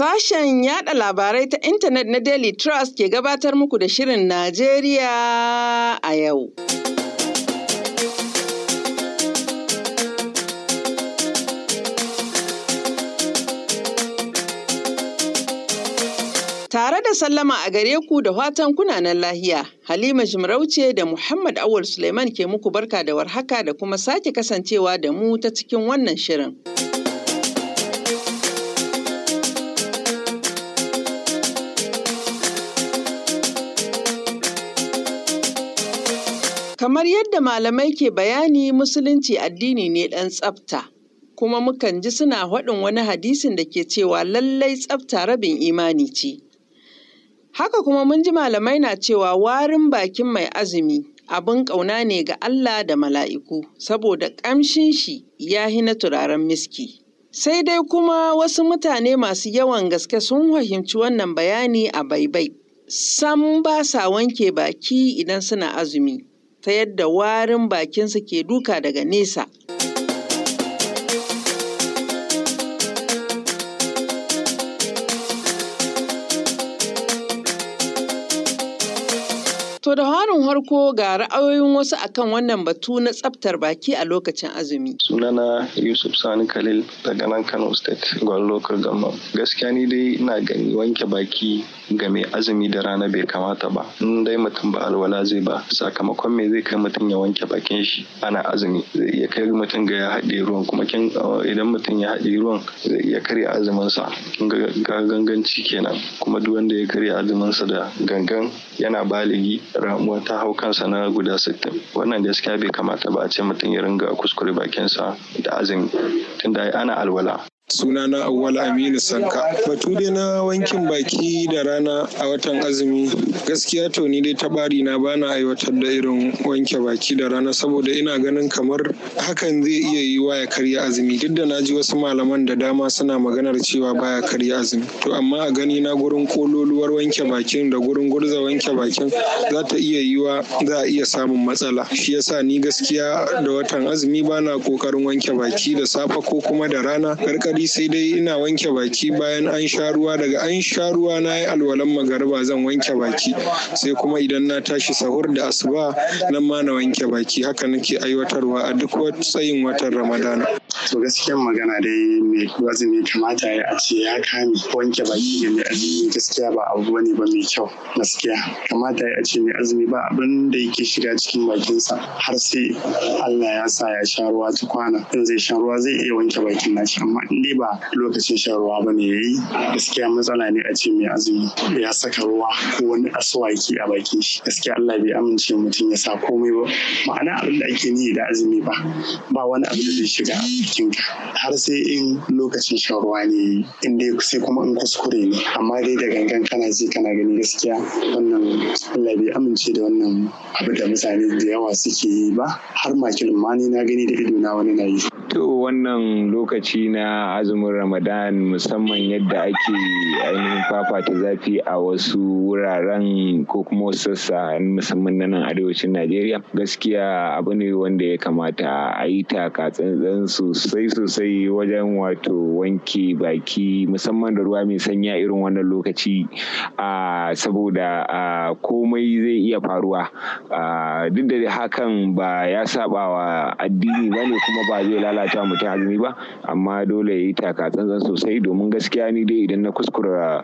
Sashen yaɗa labarai ta intanet na Daily Trust ke gabatar muku da Shirin Najeriya a yau. Tare da sallama a gare ku da watan kunanan lahiya, Halima Jimarauce da Muhammad Awul Suleiman ke muku barka da warhaka da kuma sake kasancewa da mu ta cikin wannan shirin. Kamar yadda malamai ke bayani musulunci addini ne ɗan tsafta, kuma mukan ji suna faɗin wani hadisin da ke cewa lallai tsafta rabin imani ce. Haka kuma mun ji malamai na cewa warin bakin mai azumi abin ƙauna ne ga Allah da mala'iku, saboda ƙamshin shi ya hi na turaren miski. Sai dai kuma wasu mutane masu yawan gaske sun fahimci wannan bayani a baibai, sam ba sa wanke baki idan suna azumi. ta yadda warin bakinsa ke duka daga nesa. To da harin harko ga ra'ayoyin wasu akan wannan batu na tsaftar baki a lokacin azumi. Sunana Yusuf Sani Khalil daga nan Kano State gwal Local Government. Gaskiya ni dai ina gani wanke baki ga mai azumi da rana bai kamata ba. In dai mutum ba alwala zai ba sakamakon me zai kai mutum ya wanke bakin shi ana azumi zai iya kai mutum ga ya haɗe ruwan kuma uh, idan mutum ya haɗe ruwan zai iya karya azuminsa ga ganganci kenan kuma duk wanda ya karya azuminsa da gangan yana baligi ramuwa ta hau kansa na guda 60 wannan gaskiya bai kamata ba a ce mutum ya ringa kuskure bakinsa da azumi tunda ana alwala suna na awwal aminu sanka batu dai na wankin baki da rana a watan azumi gaskiya to ni dai tabari na bana aiwatar da irin wanke baki da rana saboda ina ganin kamar hakan zai iya yi wa ya karya azumi duk da naji wasu malaman da dama suna maganar cewa baya karya azumi to amma a gani na gurin kololuwar wanke bakin da gurin gurza wanke bakin za ta iya yi wa za a iya samun matsala shi yasa ni gaskiya da watan azumi bana kokarin wanke baki da safe ko kuma da rana karkari daɗi sai dai ina wanke baki bayan an sha ruwa daga an sha ruwa na yi alwalan magariba zan wanke baki sai kuma idan na tashi sahur da asuba nan ma na wanke baki haka nake aiwatarwa a duk tsayin watan ramadana. to gaskiya magana dai mai azumi kamata ya a ce ya kame wanke baki ga mai azumi gaskiya ba abu ne ba mai kyau gaskiya kamata ya a ce mai azumi ba abin da yake shiga cikin bakinsa har sai Allah ya sa ya sha ruwa tukwana in zai sha ruwa zai iya wanke bakin nashi amma in ne ba lokacin shan ruwa ba ne yayi gaskiya matsala ne a ce mai azumi ya saka ruwa ko wani aswaki a baki shi gaskiya Allah bai amince mutum ya sa komai ba ma'ana abin da ake ni da azumi ba ba wani abu da zai shiga a ka har sai in lokacin shan ruwa ne in dai sai kuma in kuskure ne amma dai da gangan kana ji kana gani gaskiya wannan Allah bai amince da wannan abu da mutane da yawa suke yi ba har makilin ma ni na gani da ido na wani na yi wannan lokaci na azumin ramadan musamman yadda ake ainihin fafata zafi a wasu wuraren ko kuma sassa musamman na nan arewacin najeriya gaskiya abu ne wanda ya kamata a yi taka tsantsan sosai sosai wajen wato wanke baki musamman da ruwa mai sanya irin wannan lokaci saboda komai zai iya faruwa duk da hakan ba ya saba wa addini ba ne kuma ba zai lalata mutum ta azumi ba amma dole ya yi taka tsantsan sosai domin gaskiya ni dai idan na kuskura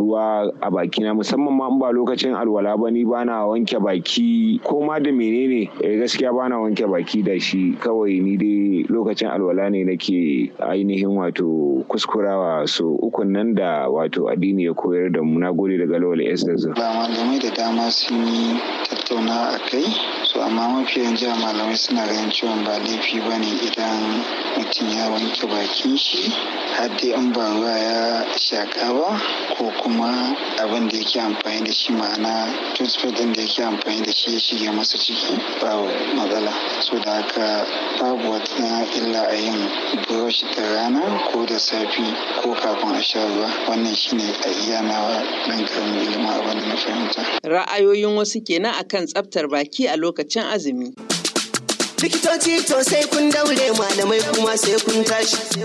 ruwa a baki na musamman ma in ba lokacin alwala ba ni na wanke baki ko ma da menene eh, gaskiya ba na wanke baki da shi kawai ni dai lokacin alwala ne nake ainihin wato kuskurawa so ukun nan da wato addini ya koyar da mu na gode daga lawal ss malamai da dama sun yi tattauna a kai so amma mafi yanzu malamai suna ganin ciwon ba laifi ba ne idan mutum ya wanke bakin shi har dai in ba ruwa ya shaƙa ba ko kuma abin da yake amfani da shi ma'ana toothpaste din da yake amfani da shi ya shige masa ciki ba matsala so da haka babu wata illa a yin brush da rana ko da safi ko kafin a sha ruwa wannan shine a iya nawa ɗan karamin ilimin abin da na fahimta Ra'ayoyin wasu kenan akan tsaftar baki a lokacin azumi. Likitoci to sai kun daure malamai kuma sai kun tashi.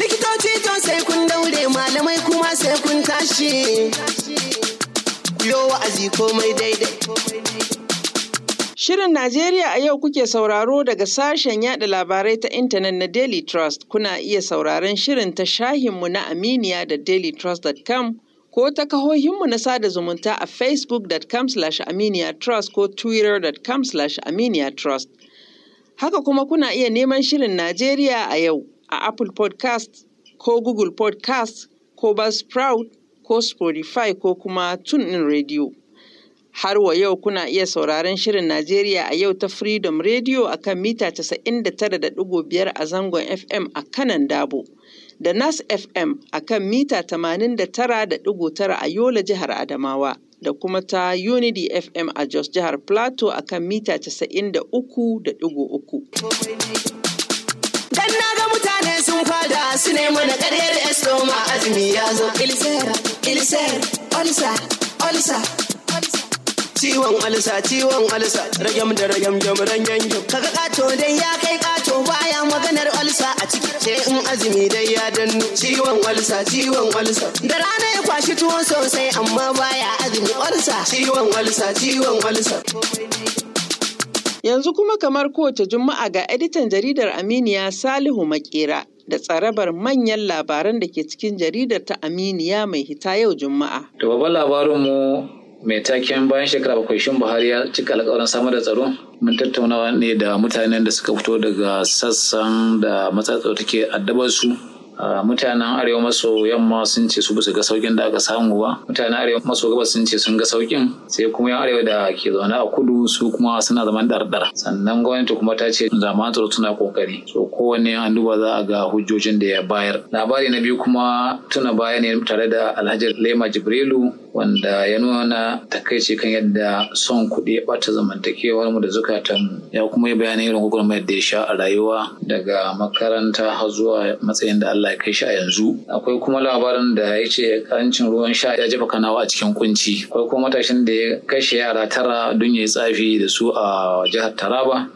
Likitoci to sai kun daure malamai kuma sai kun tashi. Yo wa'azi komai daidai. Shirin Najeriya a yau kuke sauraro daga sashen yada labarai ta intanet na Daily Trust. Kuna iya sauraron shirin ta shahinmu na Aminiya da dailytrust.com ko ta kahohinmu na sada zumunta a slash aminiya trust ko twitter slash aminiya trust Haka kuma kuna iya neman shirin Najeriya a yau a Apple podcast ko Google podcast ko Buzzsprout ko Spotify ko kuma TuneIn Radio. Har wa yau kuna iya sauraron shirin Najeriya a yau ta Freedom Radio a kan mita 99.5 a zangon FM a kanan Dabo. da Nas FM a kan mita 89.9 a Yola jihar Adamawa da kuma ta Unity FM a Jos jihar Plateau a kan mita 93.3. Kan na ga mutane sun fada su nemo na ƙaryar Estoma azumi ya zo. Ilisera, Ilisera, Olisa, ciwon alisa ciwon alisa ragam da ragam gem rangen gem kaga kato dai ya kai kato baya maganar alisa a ciki sai in azumi dai ya dannu ciwon alisa ciwon alisa da rana ya kwashi tuwo sosai amma baya azumi alisa ciwon alisa ciwon alisa Yanzu kuma kamar kowace Juma'a ga editan jaridar Aminiya Salihu Makera da tsarabar manyan labaran da ke cikin jaridar ta Aminiya mai hita yau Juma'a. Da labarin labarinmu mai taken bayan shekara bakwai shin buhari ya cika alkawarin samar da tsaro mun tattaunawa ne da mutanen da suka fito daga sassan da matsatsa take addabar su mutanen arewa maso yamma sun ce su ga saukin da aka samu ba mutanen arewa maso gabas sun ce sun ga saukin sai kuma yan arewa da ke zaune a kudu su kuma suna zaman dardar sannan gwamnati kuma ta ce zaman tsaro suna kokari so kowanne an duba za a ga hujjojin da ya bayar labari na biyu kuma tuna baya ne tare da alhaji lema jibrilu wanda ya nuna takaici kan yadda son kuɗi ya ɓata zamantakewar mu da zukatan ya kuma yi bayanin irin gwagwarmayar da ya sha a rayuwa daga makaranta har zuwa matsayin da Allah ya kai shi a yanzu akwai kuma labarin da ya ce karancin ruwan sha ya jefa kanawa a cikin kunci akwai kuma matashin da ya kashe yara tara don yayi tsafi da su a jihar Taraba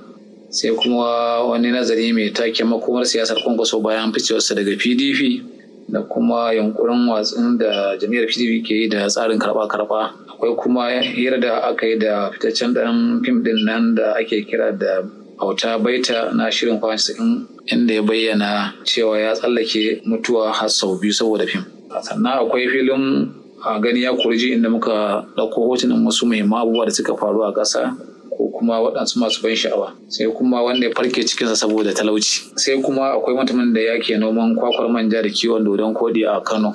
sai kuma wani nazari mai take makomar siyasar kwankwaso bayan ficewarsa daga pdp da kuma yankurin watsin da jami'ar pdp ke yi da tsarin karba-karba akwai kuma hira da aka yi da fitaccen dan fim din nan da ake kira da bauta baita na shirin kwanci inda ya bayyana cewa ya tsallake mutuwa har sau biyu saboda fim sannan akwai filin a gani ya kurji inda muka ɗauko hotunan wasu muhimman abubuwa da suka faru a ƙasa kuma waɗansu masu ban sha'awa sai kuma wanda ya farke cikinsa saboda talauci sai kuma akwai mutumin da yake noman kwakwar manja da kiwon dodon koɗi a kano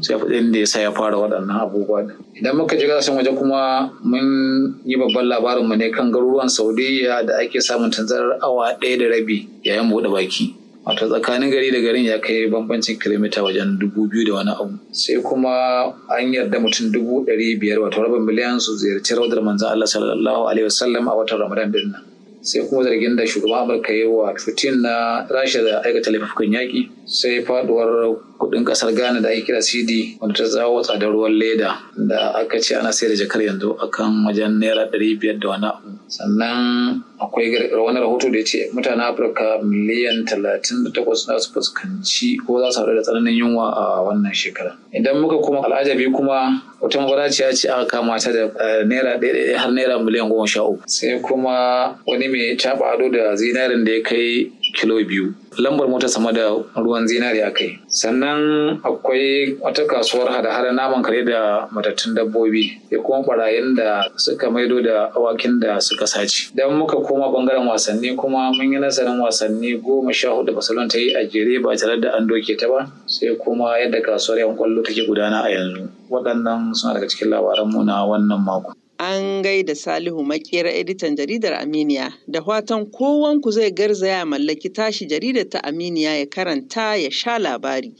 sai faɗin da ya sa ya fara waɗannan abubuwa idan muka ji ƙasashen waje kuma mun yi babban labarinmu ne kan garuruwan saudiya da ake samun tanzarar awa ɗaya da rabi yayin buɗe baki wato tsakanin gari da garin ya kai bambancin kilomita wajen dubu biyu da wani abu sai kuma an yarda mutum dubu ɗari biyar wato rabin miliyan su ziyarci raudar manzan Allah sallallahu alaihi wasallam a watan Ramadan din nan sai kuma zargin da shugaban Amurka ya yi wa Putin na Rasha da aikata laifukan yaƙi sai faduwar kudin kasar ghana da ake kira cd wanda ta zawo watsa da ruwan leda da aka ce ana sayar da jakar yanzu akan wajen naira dari biyar da wani abu sannan akwai wani rahoto da ya ce mutanen afirka miliyan talatin da takwas su fuskanci ko za su haɗu da tsananin yunwa a wannan shekara idan muka kuma al'ajabi kuma wata mabaraciya ce aka kama ta da eh, naira ɗaya har naira miliyan goma sha uku sai kuma wani mai caɓa ado da zinarin da ya kai kilo biyu lambar mota sama da ruwan zinari a kai sannan akwai wata kasuwar hada-hada naman kare da matattun dabbobi da kuma barayin da suka maido da awakin da suka sace don muka koma bangaren wasanni kuma mun yi nazarin wasanni goma sha hudu barcelona ta yi a jere ba tare da an doke ta ba sai kuma yadda kasuwar yan kwallo take gudana a yanzu waɗannan suna daga cikin labaranmu na wannan mako An gaida Salihu Makera editan jaridar Aminiya da fatan kowanku zai garzaya mallaki tashi jaridar ta Aminiya ya karanta ya sha labari.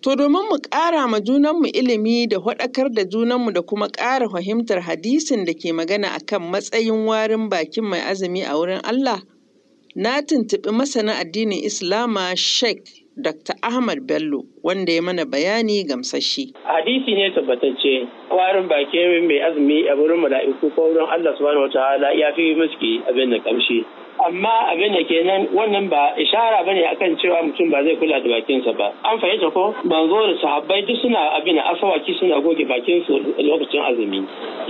To domin mu ƙara ma junanmu ilimi da faɗakar da junanmu da kuma ƙara fahimtar hadisin da ke magana akan matsayin warin bakin mai azumi a wurin Allah, na tuntuɓi masana addinin Islama Sheikh Dr. Ahmad Bello wanda ya mana bayani gamsashi. Hadisi ne tabbatacce kwarin bakin mai azumi a wurin mala'iku ko wurin Allah subhanahu ya fi miski abin da kamshi amma abin da kenan wannan ba ishara ba ne akan cewa mutum ba zai kula da bakinsa ba an fahimta ko manzo da sahabbai duk suna abin da asawaki suna goge bakin su lokacin azumi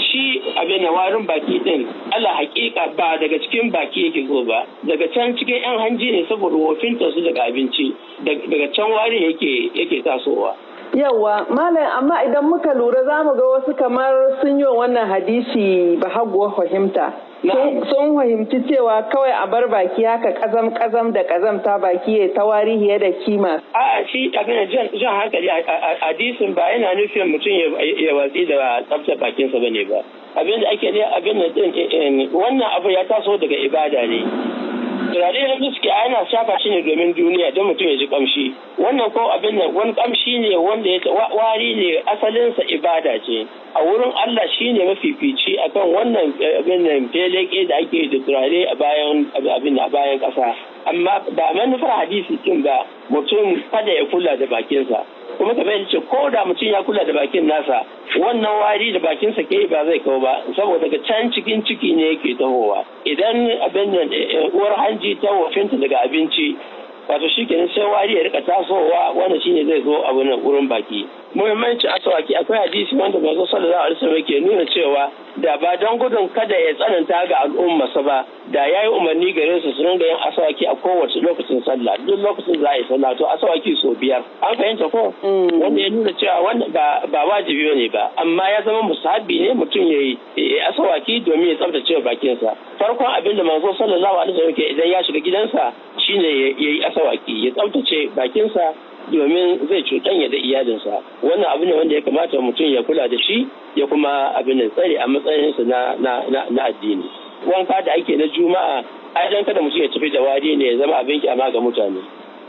shi abin da warin baki din Allah hakika ba daga cikin baki yake zo ba daga can cikin yan hanji ne saboda ta su daga abinci daga can warin yake yake tasowa Yawwa, Malam, amma idan muka lura za mu ga wasu kamar sun yi wannan hadisi ba haguwa fahimta. sun fahimci cewa kawai a bar baki haka kazam kazam da kazam ta baki ya wari ya da kima a shi abin jan jan hankali a hadisin ba yana nufin mutum ya watsi da tsaftar bakinsa ba ne ba abin da ake ne abin da eh, eh, wannan abu ya taso daga ibada ne turare na suke ana shafa shi ne domin duniya don mutum ya ji kamshi wannan ko abin nan wani kamshi ne wanda ya wari ne asalinsa ibada ce a wurin Allah shi ne mafifici akan wannan eh, abin nan feleke da ake da turare a bayan abin a bayan kasa amma ba manufar hadisi kin ba mutum kada ya kula da bakinsa kuma ka yadda ko da mutum ya kula da bakin nasa wannan wari da sa ke ba zai kawo ba saboda daga can cikin ciki ne yake tahowa idan abin eh, uwar hanji ta wofinta daga abinci wato shi kenan sai wari ya rika tasowa wanda shi ne zai zo abu na wurin baki muhimmanci asawaki akwai hadisi wanda zo sallar alaihi sama ke nuna cewa da ba don gudun kada ya tsananta ga sa ba da ya yi umarni gare su su ringa yin asawaki a kowace lokacin sallah duk lokacin za a yi sallah to asawaki so biyar an fahimta ko mm. wanda ya nuna cewa wanda ba wajibi ne ba amma ya zama musahabi ne mutum ya yi asawaki domin ya tsabtace bakinsa farkon abin da manzo sallallahu alaihi wasallam ke idan ya shiga gidansa shine ya yi asawaki ya tsaftace bakinsa domin zai ya da iyalinsa wannan abu ne wanda ya kamata mutum ya kula da shi ya kuma abin da tsare a matsayinsa na addini wanka da ake na juma'a ai dan kada mutum ya tafi da wari ne ya zama abin kyama ga mutane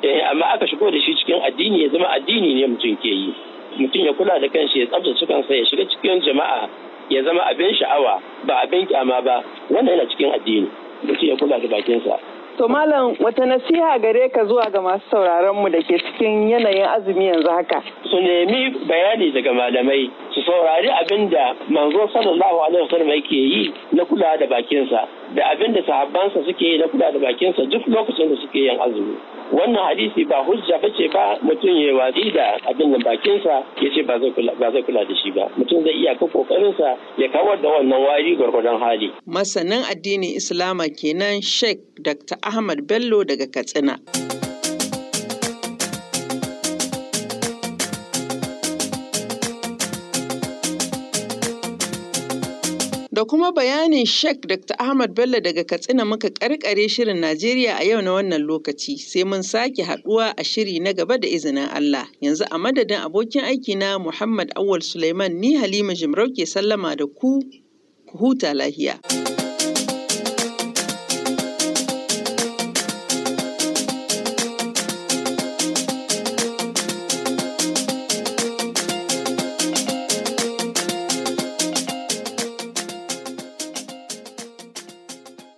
eh, amma aka shigo da shi cikin addini ya zama addini ne mutum ke yi mutum ya kula da kanshi ya tsaftace kansa ya shiga cikin jama'a ya zama abin sha'awa ba abin kyama ba wannan yana cikin addini mutum ya kula da bakinsa To malam wata nasiha gare ka zuwa ga masu sauraron mu da ke cikin yanayin azumi yanzu haka. Su nemi bayani daga malamai su saurari abin da manzo sallallahu alaihi wasallam yake yi na kula da bakinsa da abin da sahabbansa suke yi na kula da bakinsa duk lokacin da suke yin azumi. Wannan hadisi ba hujja ba ce ba mutum ya watsi da abin da bakinsa ya ce ba zai kula da shi ba. Mutum zai iya ka kokarinsa ya kawar da wannan wari gwargwadon hali. Masanin addinin Islama kenan Sheikh Dr. Ahmad Bello daga Katsina. da kuma bayanin Sheikh Dr. Ahmad Bello daga Katsina muka karkare shirin Najeriya a yau na wannan lokaci sai mun sake haduwa a shiri na gaba da izinin Allah. Yanzu a madadin abokin aikina Muhammad Awal Suleiman ni Halima Jimarau ke sallama da ku, ku huta lahiya.